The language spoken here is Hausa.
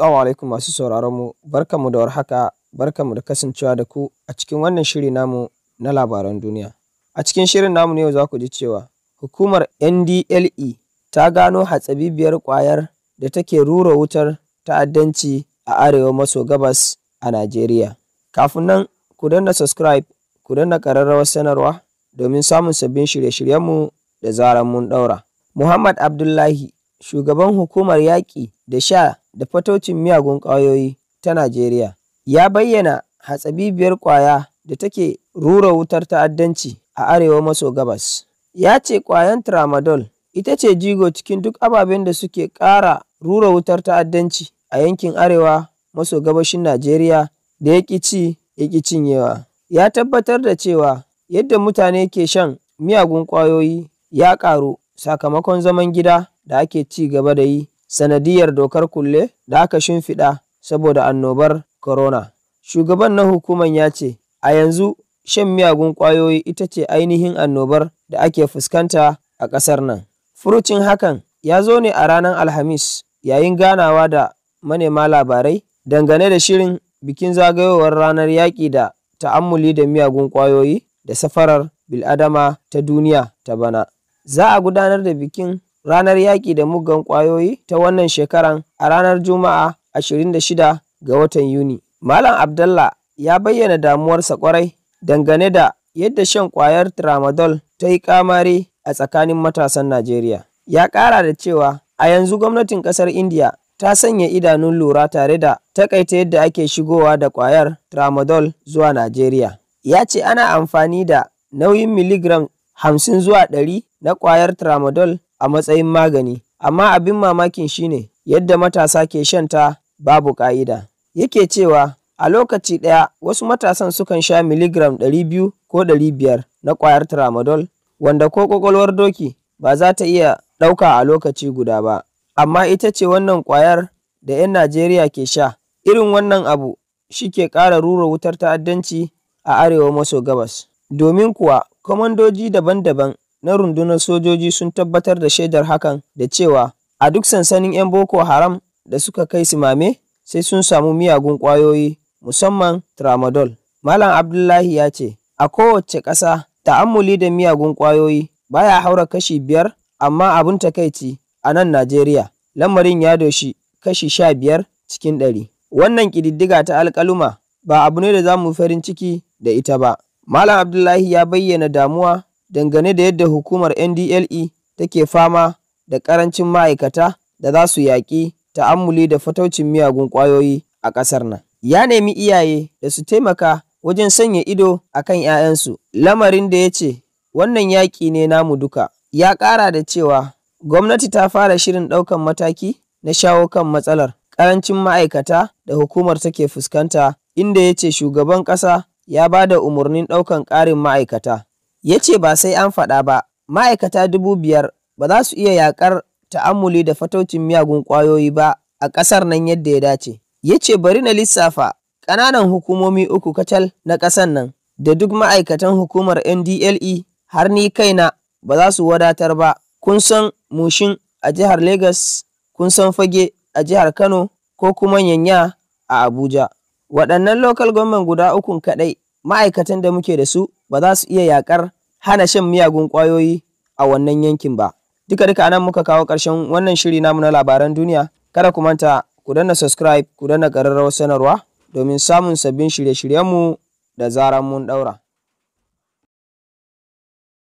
Assalamu alaikum masu sauraron mu, barkanmu da warhaka, barkanmu da kasancewa da ku a cikin wannan shiri namu na labaran duniya. A cikin shirin namu ne yau za ku ji cewa hukumar NDLE ta gano hatsabibiyar kwayar da take rura wutar ta'addanci a arewa maso gabas a Najeriya. Kafin nan ku danna subscribe, ku danna ƙararrawar sanarwa domin samun sabbin shirye-shiryenmu da zaran mun ɗaura. Muhammad Abdullahi, shugaban hukumar yaƙi da sha da fatocin Miyagun Ƙwayoyi ta Najeriya ya bayyana hatsabibiyar ƙwaya da take rura wutar ta'addanci a arewa maso gabas. Ya ce ƙwayan Tramadol ita ce jigo cikin duk ababen da suke ƙara rura wutar ta'addanci a yankin arewa maso gabashin Najeriya da ya ci ya cinyewa. Ya tabbatar da cewa yadda mutane ke shan miyagun ƙwayoyi ya ƙaru sakamakon zaman gida da ake ci gaba da yi sanadiyar dokar kulle da aka shimfiɗa saboda annobar corona. Shugaban na hukuman ya ce, a yanzu shan miyagun ƙwayoyi ita ce ainihin annobar da ake fuskanta a ƙasar nan. Furucin hakan ya zo ne a ranar Alhamis yayin ganawa da manema labarai dangane da shirin bikin zagayowar ranar yaƙi da ta'ammuli da miyagun ƙwayoyi da safarar bil'adama ta duniya ta bana. Za a gudanar da bikin ranar yaƙi da muggan ƙwayoyi ta wannan shekaran a ranar Juma'a 26 ga watan Yuni. Malam Abdallah ya bayyana damuwarsa ƙwarai dangane da yadda shan ƙwayar tramadol ta yi kamari a tsakanin matasan Najeriya. Ya ƙara da cewa a yanzu gwamnatin ƙasar India ta sanya idanun lura tare da takaita yadda ake shigowa da ƙwayar tramadol zuwa Najeriya. Ya ce ana amfani da nauyin miligram hamsin zuwa ɗari na ƙwayar tramadol a matsayin magani, amma abin mamakin shi ne yadda matasa ke shan ta babu ƙa'ida. Yake cewa a lokaci ɗaya wasu matasan sukan sha miligram 200 ko 500 na ƙwayar tramadol wanda ko ƙwaƙwalwar doki ba za ta iya ɗauka a lokaci guda ba, amma ita ce wannan ƙwayar da 'yan Najeriya ke sha. Irin wannan abu shi ke ƙara rura wutar ta'addanci a arewa maso gabas. Domin kuwa, kwamandoji daban-daban na rundunar sojoji sun tabbatar da shaidar hakan da cewa a duk sansanin 'yan Boko Haram da suka kai simame sai sun samu miyagun ƙwayoyi musamman tramadol. Malam Abdullahi ya ce, a kowace ƙasa ta'ammuli da miyagun ƙwayoyi baya haura kashi biyar amma abin takaici a nan Najeriya lamarin ya doshi kashi sha biyar cikin ɗari. Wannan ƙididdiga ta alƙaluma ba abu ne da za mu farin ciki da ita ba. Malam Abdullahi ya bayyana damuwa dangane da yadda hukumar NDLE take fama da ƙarancin ma'aikata da za su yaƙi ta'ammuli da fataucin miyagun ƙwayoyi a ƙasar nan. Ya nemi iyaye da su taimaka wajen sanya ido a kan 'ya'yansu, lamarin da ya ce wannan yaƙi ne namu duka. Ya ƙara da cewa gwamnati ta fara shirin ɗaukan mataki na shawo kan matsalar ƙarancin ma'aikata da hukumar take fuskanta, inda ya ce shugaban ƙasa ya ba da umarnin ɗaukan ƙarin ma'aikata. Ya ce ba sai an faɗa ba, ma'aikata dubu biyar ba za su iya yaƙar ta'amuli da fataucin miyagun ƙwayoyi ba a ƙasar nan yadda ya dace. Ya ce bari na lissafa ƙananan hukumomi uku kacal na ƙasar nan da duk ma'aikatan hukumar NDLE har ni kaina ba za su wadatar ba. Kun san Mushin a jihar Legas, kun san Fage a jihar Kano ko kuma Yanya a Abuja. Waɗannan lokal gwamnan guda ukun kaɗai ma'aikatan da muke da su ba za su iya yakar hana shan miyagun ƙwayoyi a wannan yankin ba. Duka duka nan muka kawo ƙarshen wannan shiri namu na labaran duniya. Kada ku manta ku danna subscribe ku danna ƙararrawar sanarwa domin samun sabbin shirye-shiryenmu da zaran mun ɗaura.